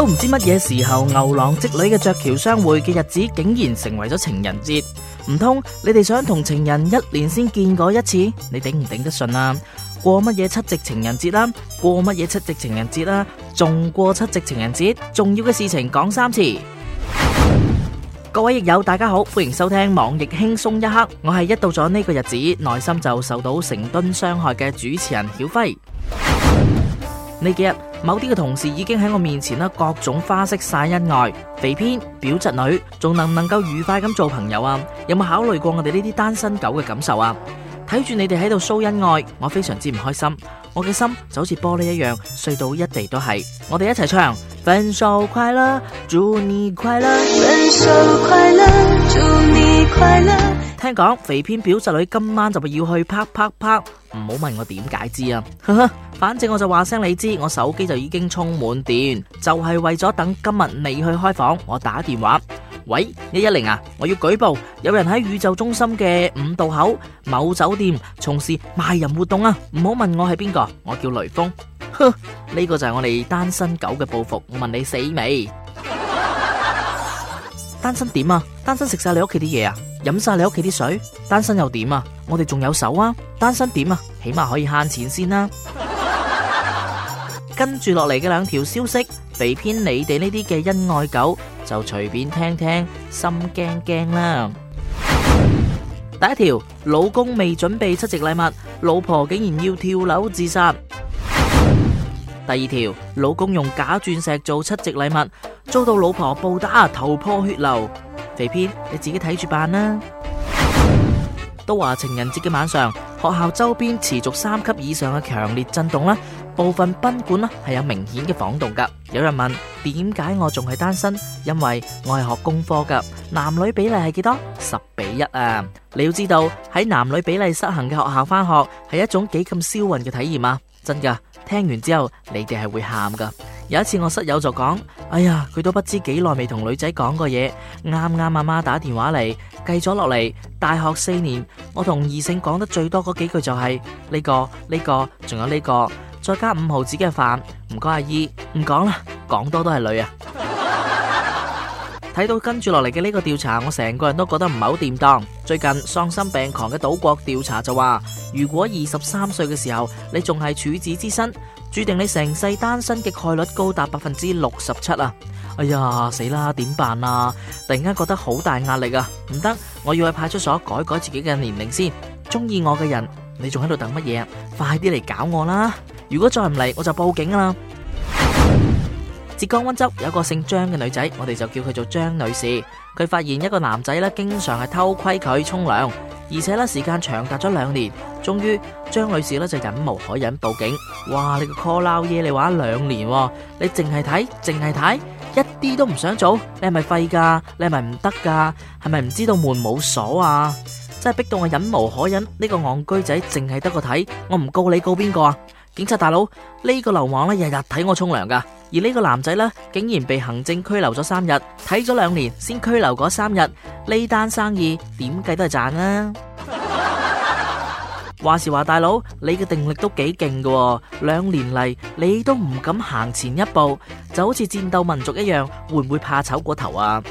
都唔知乜嘢時候，牛郎織女嘅鵲橋相會嘅日子，竟然成為咗情人節。唔通你哋想同情人一年先見過一次？你頂唔頂得順啊？過乜嘢七夕情人節啦，啊？過乜嘢七夕情人節啦，啊？仲過七夕情人節？重要嘅事情講三次。各位益友，大家好，歡迎收聽網易輕鬆一刻。我係一到咗呢個日子，內心就受到成噸傷害嘅主持人曉輝。呢幾日，某啲嘅同事已經喺我面前啦，各種花式晒恩愛，肥編表侄女仲能唔能夠愉快咁做朋友啊？有冇考慮過我哋呢啲單身狗嘅感受啊？睇住你哋喺度騷恩愛，我非常之唔開心，我嘅心就好似玻璃一樣碎到一地都係。我哋一齊唱分手快樂，祝你快樂。分手快樂，祝你快樂。聽講肥編表侄女今晚就咪要去啪啪啪。唔好問我點解知啊。 反正我就話聲你知，我手機就已經充滿電，就係為咗等今日你去開房，我打電話。喂，一一零啊，我要舉報，有人喺宇宙中心嘅五道口某酒店從事賣淫活動啊！唔好問我係邊個，我叫雷鋒。哼，呢個就係我哋單身狗嘅報復。我問你死未？ 單身點啊？單身食晒你屋企啲嘢啊？飲晒你屋企啲水，單身又點啊？我哋仲有手啊！單身點啊？起碼可以慳錢先啦。跟住落嚟嘅兩條消息，俾偏你哋呢啲嘅恩愛狗就隨便聽聽，心驚驚啦。第一條，老公未準備七夕禮物，老婆竟然要跳樓自殺。第二條，老公用假鑽石做七夕禮物，遭到老婆暴打，頭破血流。Baby, 你自己睇住辦啦。都話情人節嘅晚上，學校周邊持續三級以上嘅強烈震動啦，部分賓館啦係有明顯嘅晃動噶。有人問點解我仲係單身？因為我係學工科噶，男女比例係幾多？十比一啊！你要知道喺男女比例失衡嘅學校翻學係一種幾咁銷魂嘅體驗啊！真噶，聽完之後你哋係會喊噶。有一次我室友就講。哎呀，佢都不知幾耐未同女仔講過嘢，啱啱阿媽打電話嚟，計咗落嚟，大學四年，我同異性講得最多嗰幾句就係呢個呢個，仲有呢個，再加五毫子嘅飯，唔該阿姨，唔講啦，講多都係女啊。睇到跟住落嚟嘅呢個調查，我成個人都覺得唔係好掂當。最近喪心病狂嘅島國調查就話，如果二十三歲嘅時候你仲係處子之身，注定你成世單身嘅概率高達百分之六十七啊！哎呀，死啦，點辦啊？突然間覺得好大壓力啊！唔得，我要去派出所改改自己嘅年齡先。中意我嘅人，你仲喺度等乜嘢？快啲嚟搞我啦！如果再唔嚟，我就報警啦！浙江溫州有個姓張嘅女仔，我哋就叫佢做張女士。佢發現一個男仔咧，經常係偷窺佢沖涼，而且咧時間長達咗兩年。終於張女士咧就忍無可忍報警。哇！你個 call 佬嘢，你話兩年，你淨係睇，淨係睇，一啲都唔想做，你係咪廢噶？你係咪唔得噶？係咪唔知道門冇鎖啊？真係逼到我忍無可忍。呢個戇居仔淨係得個睇，我唔告你告邊個啊？警察大佬，呢個流氓咧日日睇我沖涼噶。而呢個男仔呢，竟然被行政拘留咗三日，睇咗兩年先拘留嗰三日，呢單生意點計都係賺啦，啊。 話時話，大佬，你嘅定力都幾勁噶，兩年嚟，你都唔敢行前一步，就好似戰鬥民族一樣，會唔會怕醜過頭啊？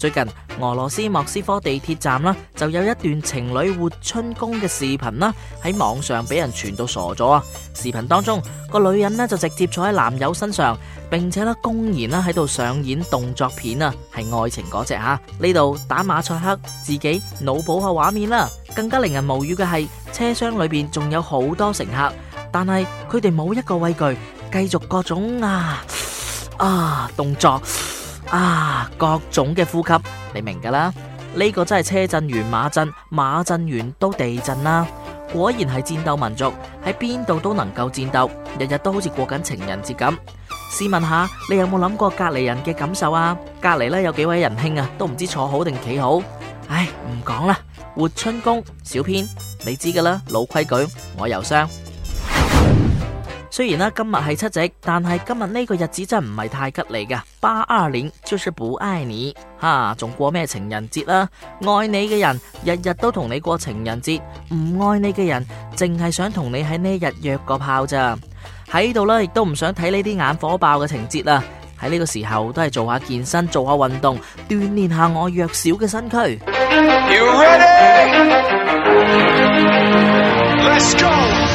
最近俄羅斯莫斯科地鐵站啦，就有一段情侶活春宮嘅視頻啦，喺網上俾人傳到傻咗啊！視頻當中個女人呢就直接坐喺男友身上，並且呢公然啦喺度上演動作片啊，係愛情嗰隻吓。呢度打馬賽克，自己腦補下畫面啦。更加令人無語嘅係，車廂裏邊仲有好多乘客，但係佢哋冇一個畏懼，繼續各種啊啊動作。啊，各種嘅呼吸，你明噶啦？呢個真係車震完馬震，馬震完都地震啦。果然係戰鬥民族，喺邊度都能夠戰鬥，日日都好似過緊情人節咁。試問下，你有冇諗過隔籬人嘅感受啊？隔籬呢有幾位仁兄啊，都唔知坐好定企好。唉，唔講啦。活春宮小編，你知噶啦，老規矩，我郵箱。雖然啦，今日係七夕，但係今日呢個日子真唔係太吉利嘅。八二年就是不愛你，吓仲過咩情人節啦，啊？愛你嘅人日日都同你過情人節，唔愛你嘅人淨係想同你喺呢日約個炮咋？喺度啦，亦都唔想睇你啲眼火爆嘅情節啦。喺呢個時候都係做下健身，做下運動，鍛煉下我弱小嘅身軀。Let's go!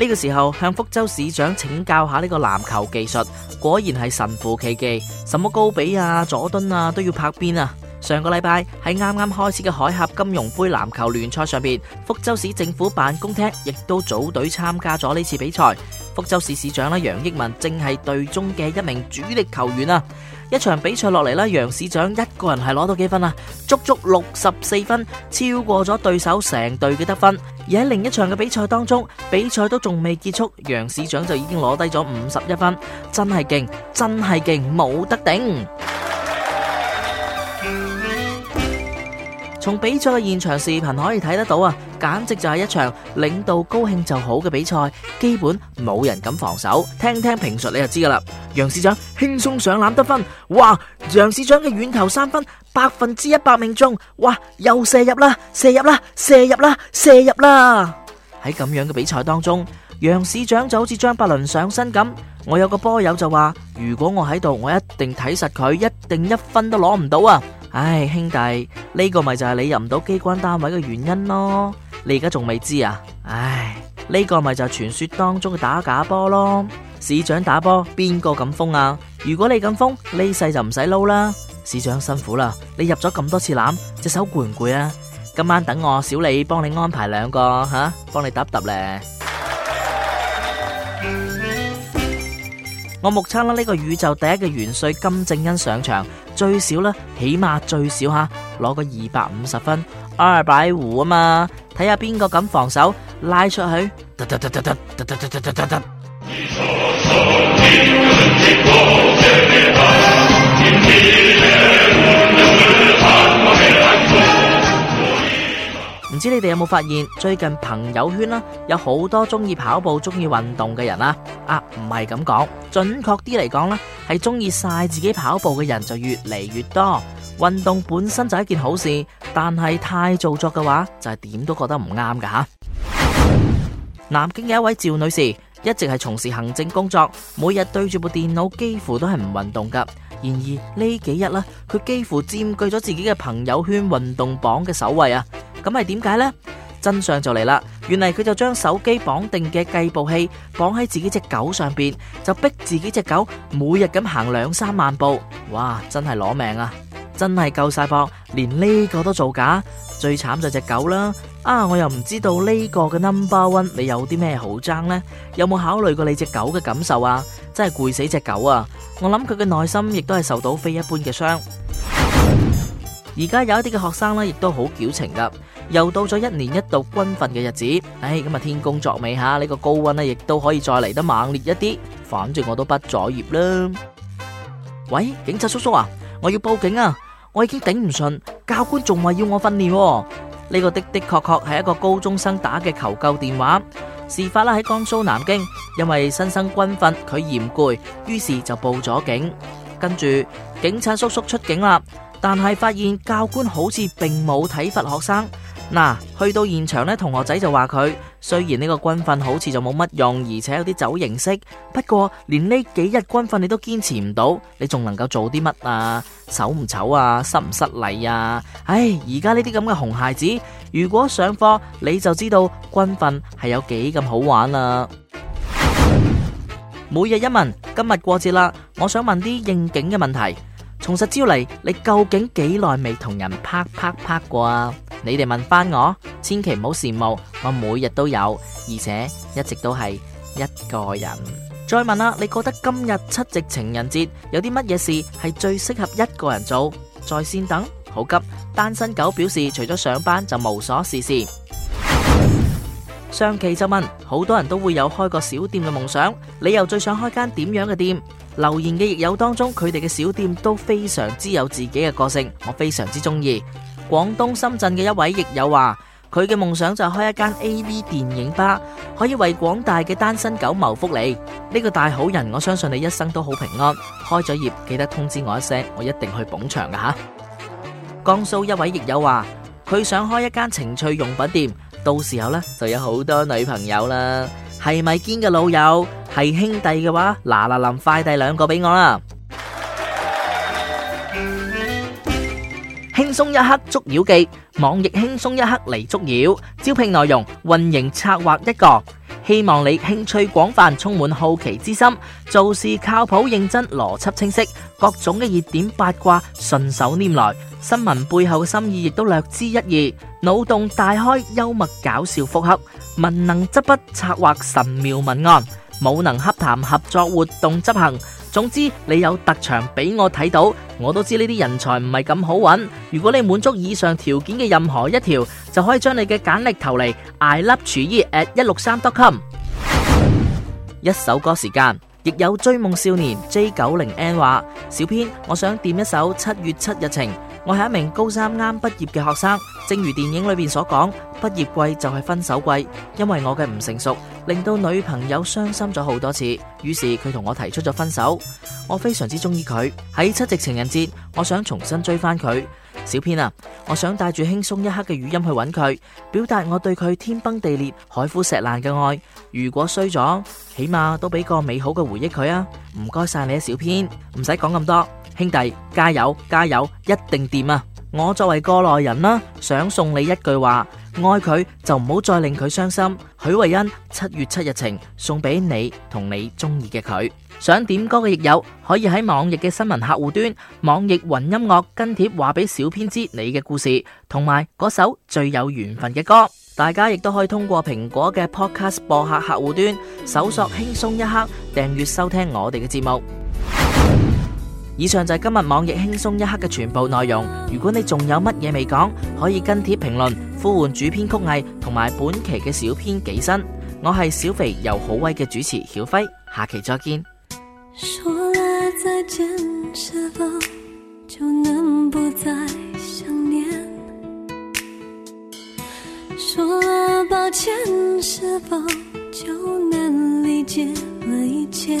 呢個時候向福州市長請教下呢個籃球技術，果然係神乎其技，什麼高比啊、佐敦啊都要拍邊啊！上個禮拜喺啱啱開始嘅海峽金融杯籃球聯賽上邊，福州市政府辦公廳亦都組隊參加咗呢次比賽，福州市市長咧楊益民，正係隊中嘅一名主力球員啊！一場比賽落嚟，呢楊市長一個人係攞到幾分啊？足足六十四分，超過咗對手成隊嘅得分。而喺另一場嘅比賽當中，比賽都仲未結束，楊市長就已經攞低咗五十一分，真係勁，真係勁，冇得頂。從 比賽嘅現場視頻可以睇得到啊！簡直就係一場領導高興就好嘅比賽，基本冇人敢防守。聽聽評述你就知噶啦。楊市長輕鬆上籃得分，哇！楊市長嘅遠投三分百分之一百命中，哇！又射入啦，射入啦，射入啦，射入啦！喺咁樣嘅比賽當中，楊市長就好似張伯倫上身咁。我有個波友就話：如果我喺度，我一定睇實佢，一定一分都攞唔到啊！唉，兄弟，呢個咪就係你入唔到機關單位嘅原因咯。你而家仲未知啊？唉，呢、呢個咪就係傳說當中嘅打假波咯。市長打波，邊個敢封啊？如果你敢封，呢世就唔使撈啦。市長辛苦啦，你入咗咁多次籃，隻手攰唔攰啊？今晚等我小李幫你安排兩個吓，幫、啊、你揼揼咧。 我目測啦，呢個宇宙第一嘅元帥金正恩上場。最少啦，起碼最少嚇，攞個二百五十分，二百五啊嘛，睇下邊個敢防守，拉出去。唔知你哋有冇發現，最近朋友圈啦、啊，有好多中意跑步、中意運動嘅人啊！啊，唔係咁講，準確啲嚟講咧，係中意晒自己跑步嘅人就越嚟越多。運動本身就係一件好事，但係太做作嘅話，就係、是、點都覺得唔啱噶吓。南京嘅一位趙女士，一直係從事行政工作，每日對住部電腦，幾乎都係唔運動噶。然而呢幾日啦、啊，佢幾乎佔據咗自己嘅朋友圈運動榜嘅首位啊！咁係點解呢？真相就嚟啦，原來佢就將手機綁定嘅計步器綁喺自己隻狗上邊，就逼自己隻狗每日咁行兩三萬步。哇！真係攞命啊，真係夠晒博，連呢個都造假。最慘就隻狗啦。啊！我又唔知道呢個嘅 number one，你有啲咩好爭呢？有冇考慮過你隻狗嘅感受啊？真係攰死隻狗啊！我諗佢嘅內心亦都係受到非一般嘅傷。而家有一啲嘅學生呢，亦都好矯情噶。又到咗一年一度軍訓嘅日子，唉、哎，咁啊天公作美下呢、呢個高温呢，亦都可以再嚟得猛烈一啲。反正我都畢咗業啦。喂，警察叔叔啊，我要報警啊！我已經頂唔順，教官仲話要我訓練、啊。呢、呢個的的確確係一個高中生打嘅求救電話。事發啦喺江蘇南京，因為新生軍訓佢嫌攰，於是就報咗警。跟住警察叔叔出警啦。但係發現教官好似並冇體罰學生嗱、啊，去到現場呢，同學仔就話佢雖然呢個軍訓好似就冇乜用，而且有啲走形式，不過連呢幾日軍訓你都堅持唔到，你仲能夠做啲乜啊？醜唔醜啊？失唔失禮啊？唉，而家呢啲咁嘅熊孩子，如果上課你就知道軍訓係有幾咁好玩啦、啊。每日一問，今日過節啦，我想問啲應景嘅問題。從實招嚟，你究竟幾耐未同人啪啪啪過啊？你哋問翻我，千祈唔好羨慕，我每日都有，而且一直都係一個人。再問啦，你覺得今日七夕情人節有啲乜嘢事係最適合一個人做？在線等，好急！單身狗表示，除咗上班就無所事事。上期就問，好多人都會有開個小店嘅夢想，你又最想開間點樣嘅店？留言嘅亦友當中，佢哋嘅小店都非常之有自己嘅個性，我非常之中意。廣東深圳嘅一位亦友話，佢嘅夢想就開一間 AV 電影吧，可以為廣大嘅單身狗謀福利。呢個大好人，我相信你一生都好平安。開咗業記得通知我一聲，我一定去捧場噶吓。江蘇一位亦友話，佢想開一間情趣用品店，到時候呢就有好多女朋友啦。係咪堅嘅老友？係兄弟嘅話，嗱嗱臨快遞兩個俾我啦。輕鬆一刻捉妖記，網易輕鬆一刻嚟捉妖。招聘內容：運營策劃一個。希望你興趣廣泛，充滿好奇之心，做事靠譜認真，邏輯清晰。各種嘅熱點八卦順手拈來，新聞背後嘅心意亦都略知一二。腦洞大開，幽默搞笑，復合文能執筆策劃神妙文案。冇能洽談合作活動執行，總之你有特長俾我睇到，我都知呢啲人才唔係咁好揾。如果你滿足以上條件嘅任何一條，就可以將你嘅簡歷投嚟，I love 廚衣 at 一六三 .com。 一首歌時間。亦有追夢少年 J 九零 N 話：小編，我想點一首《七月七日情》。我係一名高三啱畢業嘅學生，正如電影裏邊所講，畢業季就係分手季。因為我嘅唔成熟，令到女朋友傷心咗好多次，於是佢同我提出咗分手。我非常之中意佢，喺七夕情人節，我想重新追翻佢。小編啊，我想帶住輕鬆一刻嘅語音去揾佢，表達我對佢天崩地裂、海枯石爛嘅愛。如果衰咗，起碼都俾個美好嘅回憶佢啊！唔該晒你啊，小編，唔使講咁多，兄弟加油加油，一定掂啊！我作為過來人啦，啊，想送你一句話。愛佢就唔好再令佢傷心。許慧欣七月七日情送俾你同你中意嘅佢。想點歌嘅亦有可以喺網易嘅新聞客戶端網易雲音樂跟帖話俾小編知你嘅故事同埋嗰首最有緣分嘅歌。大家亦都可以通過蘋果嘅 Podcast 播客客戶端搜索輕鬆一刻訂閱收聽我哋嘅節目。以上就係今日網易輕鬆一刻嘅全部內容。如果你仲有乜嘢未講，可以跟帖評論，呼喚主編曲藝同埋本期嘅小編幾新。我係小肥又好威嘅主持曉輝，下期再見。說了再見，是否就能不再想念？說了抱歉，是否就能理解了一切？